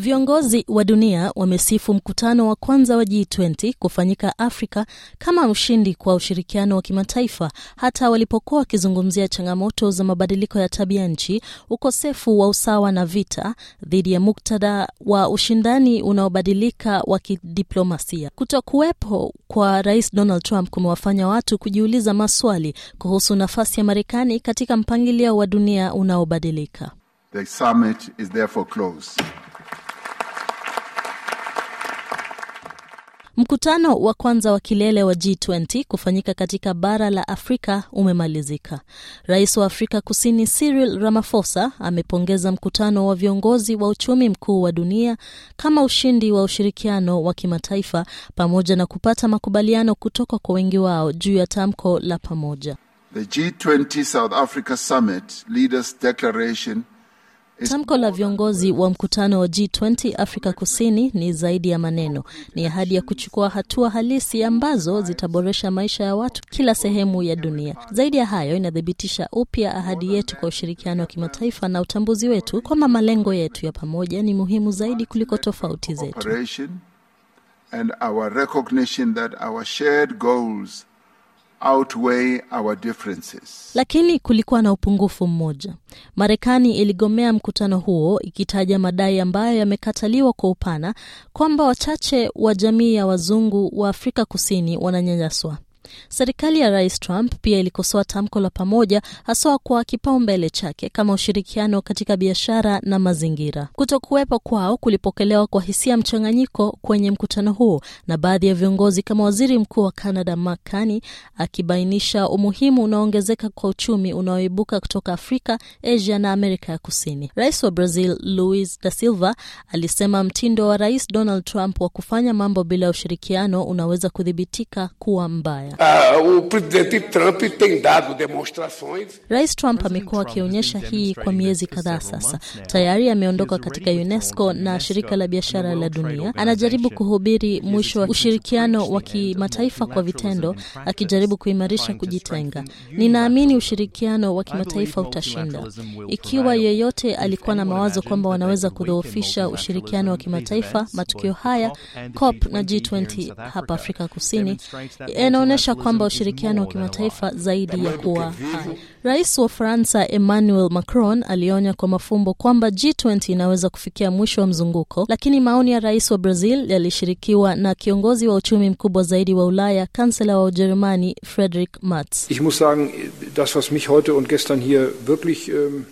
Viongozi wa dunia wamesifu mkutano wa kwanza wa G20 kufanyika Afrika kama ushindi kwa ushirikiano wa kimataifa, hata walipokuwa wakizungumzia changamoto za mabadiliko ya tabia nchi, ukosefu wa usawa na vita dhidi ya muktadha wa ushindani unaobadilika wa kidiplomasia. Kutokuwepo kwa Rais Donald Trump kumewafanya watu kujiuliza maswali kuhusu nafasi ya Marekani katika mpangilio wa dunia unaobadilika. The summit is therefore closed. Mkutano wa kwanza wa kilele wa G20 kufanyika katika bara la Afrika umemalizika. Rais wa Afrika Kusini Cyril Ramaphosa amepongeza mkutano wa viongozi wa uchumi mkuu wa dunia kama ushindi wa ushirikiano wa kimataifa pamoja na kupata makubaliano kutoka kwa wengi wao juu ya tamko la pamoja. The G20 South Africa Summit Leaders Declaration Tamko la viongozi wa mkutano wa G20 Afrika Kusini ni zaidi ya maneno, ni ahadi ya kuchukua hatua halisi ambazo zitaboresha maisha ya watu kila sehemu ya dunia. Zaidi ya hayo, inathibitisha upya ahadi yetu kwa ushirikiano wa kimataifa na utambuzi wetu kwamba malengo yetu ya pamoja ni muhimu zaidi kuliko tofauti zetu outweigh our differences. Lakini kulikuwa na upungufu mmoja. Marekani iligomea mkutano huo ikitaja madai ambayo yamekataliwa kwa upana kwamba wachache wa jamii ya wazungu wa Afrika Kusini wananyanyaswa. Serikali ya Rais Trump pia ilikosoa tamko la pamoja, haswa kwa kipaumbele chake kama ushirikiano katika biashara na mazingira. Kutokuwepo kwao kulipokelewa kwa hisia mchanganyiko kwenye mkutano huo, na baadhi ya viongozi kama waziri mkuu wa Canada Mark Carney akibainisha umuhimu unaoongezeka kwa uchumi unaoibuka kutoka Afrika, Asia na Amerika ya Kusini. Rais wa Brazil louis da Silva alisema mtindo wa Rais Donald Trump wa kufanya mambo bila ushirikiano unaweza kudhibitika kuwa mbaya. Uh, o presidente Trump tem dado demonstrações. Rais Trump amekuwa akionyesha hii kwa miezi kadhaa sasa. Tayari ameondoka katika UNESCO na shirika la biashara la dunia. Anajaribu kuhubiri mwisho wa ushirikiano wa kimataifa kwa vitendo, akijaribu kuimarisha kujitenga. Ninaamini ushirikiano wa kimataifa utashinda. Ikiwa yeyote alikuwa na mawazo kwamba wanaweza kudhoofisha ushirikiano wa kimataifa, matukio haya COP na G20 hapa Afrika Kusini yanaonyesha kuhakikisha kwamba ushirikiano wa kimataifa zaidi ya kuwa hai. Rais wa Ufaransa Emmanuel Macron alionya kwa mafumbo kwamba G20 inaweza kufikia mwisho wa mzunguko, lakini maoni ya rais wa Brazil yalishirikiwa na kiongozi wa uchumi mkubwa zaidi wa Ulaya, kansela wa Ujerumani Friedrich Merz. Ich muss sagen, das, was mich heute und gestern hier wirklich, ähm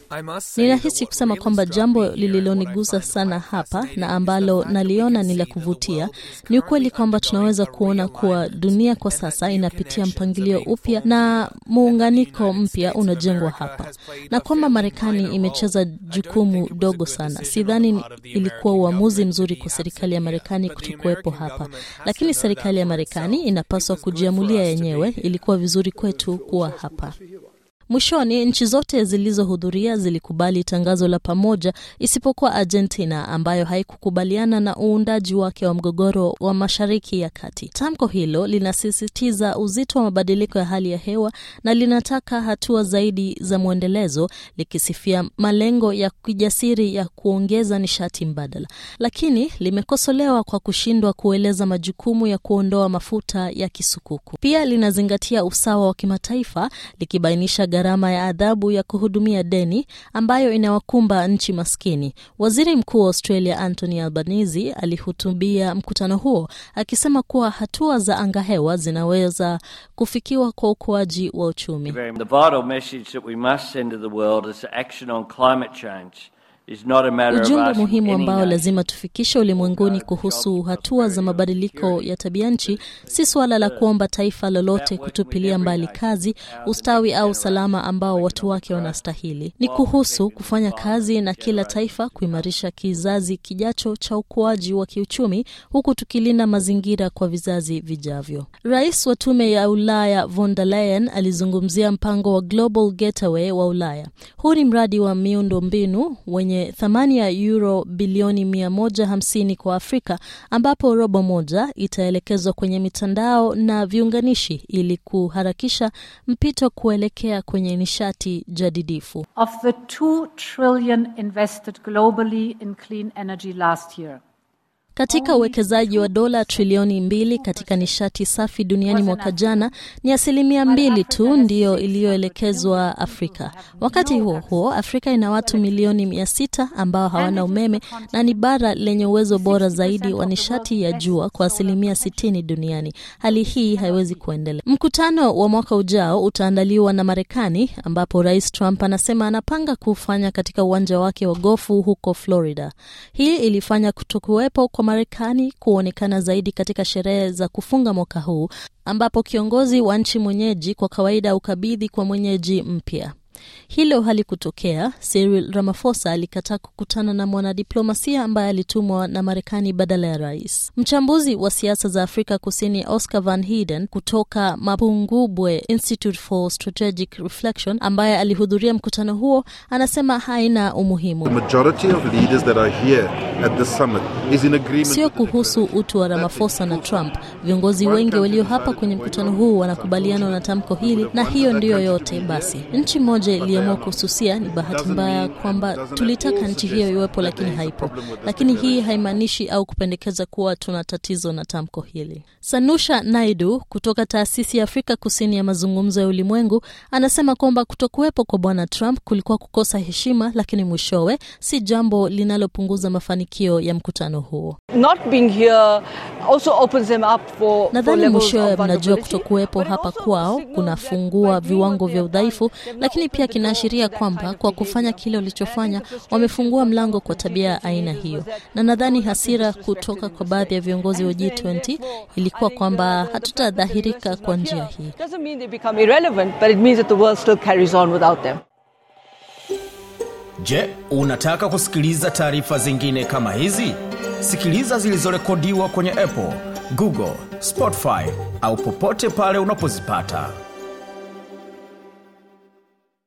ninahisi kusema kwamba jambo lililonigusa sana hapa na ambalo naliona ni la kuvutia ni ukweli kwamba tunaweza kuona kuwa dunia kwa sasa inapitia mpangilio upya na muunganiko mpya unajengwa hapa, na kwamba Marekani imecheza jukumu dogo sana. Sidhani ilikuwa uamuzi mzuri kwa serikali ya Marekani kutokuwepo hapa, lakini serikali ya Marekani inapaswa kujiamulia yenyewe. Ilikuwa vizuri kwetu kuwa hapa. Mwishoni, nchi zote zilizohudhuria zilikubali tangazo la pamoja isipokuwa Argentina ambayo haikukubaliana na uundaji wake wa mgogoro wa Mashariki ya Kati. Tamko hilo linasisitiza uzito wa mabadiliko ya hali ya hewa na linataka hatua zaidi za mwendelezo, likisifia malengo ya kijasiri ya kuongeza nishati mbadala, lakini limekosolewa kwa kushindwa kueleza majukumu ya kuondoa mafuta ya kisukuku. Pia linazingatia usawa wa kimataifa likibainisha gharama ya adhabu ya kuhudumia deni ambayo inawakumba nchi maskini. Waziri Mkuu wa Australia Anthony Albanese alihutubia mkutano huo akisema kuwa hatua za anga hewa zinaweza kufikiwa kwa ukuaji wa uchumi. The vital message that we must send to the world is action on climate change. Ujumbe muhimu ambao lazima tufikishe ulimwenguni kuhusu hatua za mabadiliko ya tabia nchi si suala la kuomba taifa lolote kutupilia mbali kazi, ustawi au salama ambao watu wake wanastahili. Ni kuhusu kufanya kazi na kila taifa kuimarisha kizazi kijacho cha ukuaji wa kiuchumi, huku tukilinda mazingira kwa vizazi vijavyo. Rais wa Tume ya Ulaya von der Leyen alizungumzia mpango wa Global Gateway wa Ulaya. Huu ni mradi wa miundo mbinu wenye yenye thamani ya euro bilioni 150 kwa Afrika, ambapo robo moja itaelekezwa kwenye mitandao na viunganishi ili kuharakisha mpito kuelekea kwenye nishati jadidifu. Of the 2 trillion invested globally in clean energy last year katika uwekezaji wa dola trilioni mbili katika nishati safi duniani mwaka jana, ni asilimia mbili tu ndiyo iliyoelekezwa Afrika. Wakati huo huo, Afrika ina watu milioni mia sita ambao hawana umeme na ni bara lenye uwezo bora zaidi wa nishati ya jua kwa asilimia sitini duniani. Hali hii haiwezi kuendelea. Mkutano wa mwaka ujao utaandaliwa na Marekani ambapo Rais Trump anasema anapanga kufanya katika uwanja wake wa gofu huko Florida. Hii ilifanya kutokuwepo kwa Marekani kuonekana zaidi katika sherehe za kufunga mwaka huu ambapo kiongozi wa nchi mwenyeji kwa kawaida ukabidhi kwa mwenyeji mpya hilo halikutokea. Cyril Ramaphosa alikataa kukutana na mwanadiplomasia ambaye alitumwa na Marekani badala ya rais. Mchambuzi wa siasa za Afrika Kusini Oscar Van heden kutoka Mapungubwe Institute for Strategic Reflection, ambaye alihudhuria mkutano huo, anasema haina umuhimu. Sio kuhusu utu wa Ramaphosa na Trump. Viongozi wengi walio hapa kwenye mkutano huu wanakubaliana na tamko hili, na hiyo ndiyo yote. Basi nchi moja moja iliamua kususia. Ni bahati mbaya kwamba tulitaka nchi hiyo iwepo, lakini haipo. Lakini hii haimaanishi au kupendekeza kuwa tuna tatizo na tamko hili. Sanusha Naidu kutoka taasisi ya Afrika Kusini ya mazungumzo ya ulimwengu anasema kwamba kutokuwepo kwa Bwana Trump kulikuwa kukosa heshima, lakini mwishowe si jambo linalopunguza mafanikio ya mkutano huo. Nadhani mwishowe, mnajua, kutokuwepo hapa kwao kunafungua viwango vya udhaifu, lakini pia kinaashiria kwamba kwa kufanya kile ulichofanya wamefungua mlango kwa tabia ya aina hiyo, na nadhani hasira kutoka kwa baadhi ya viongozi wa G20 ilikuwa kwamba hatutadhahirika kwa njia hii. Je, unataka kusikiliza taarifa zingine kama hizi? Sikiliza zilizorekodiwa kwenye Apple, Google, Spotify au popote pale unapozipata.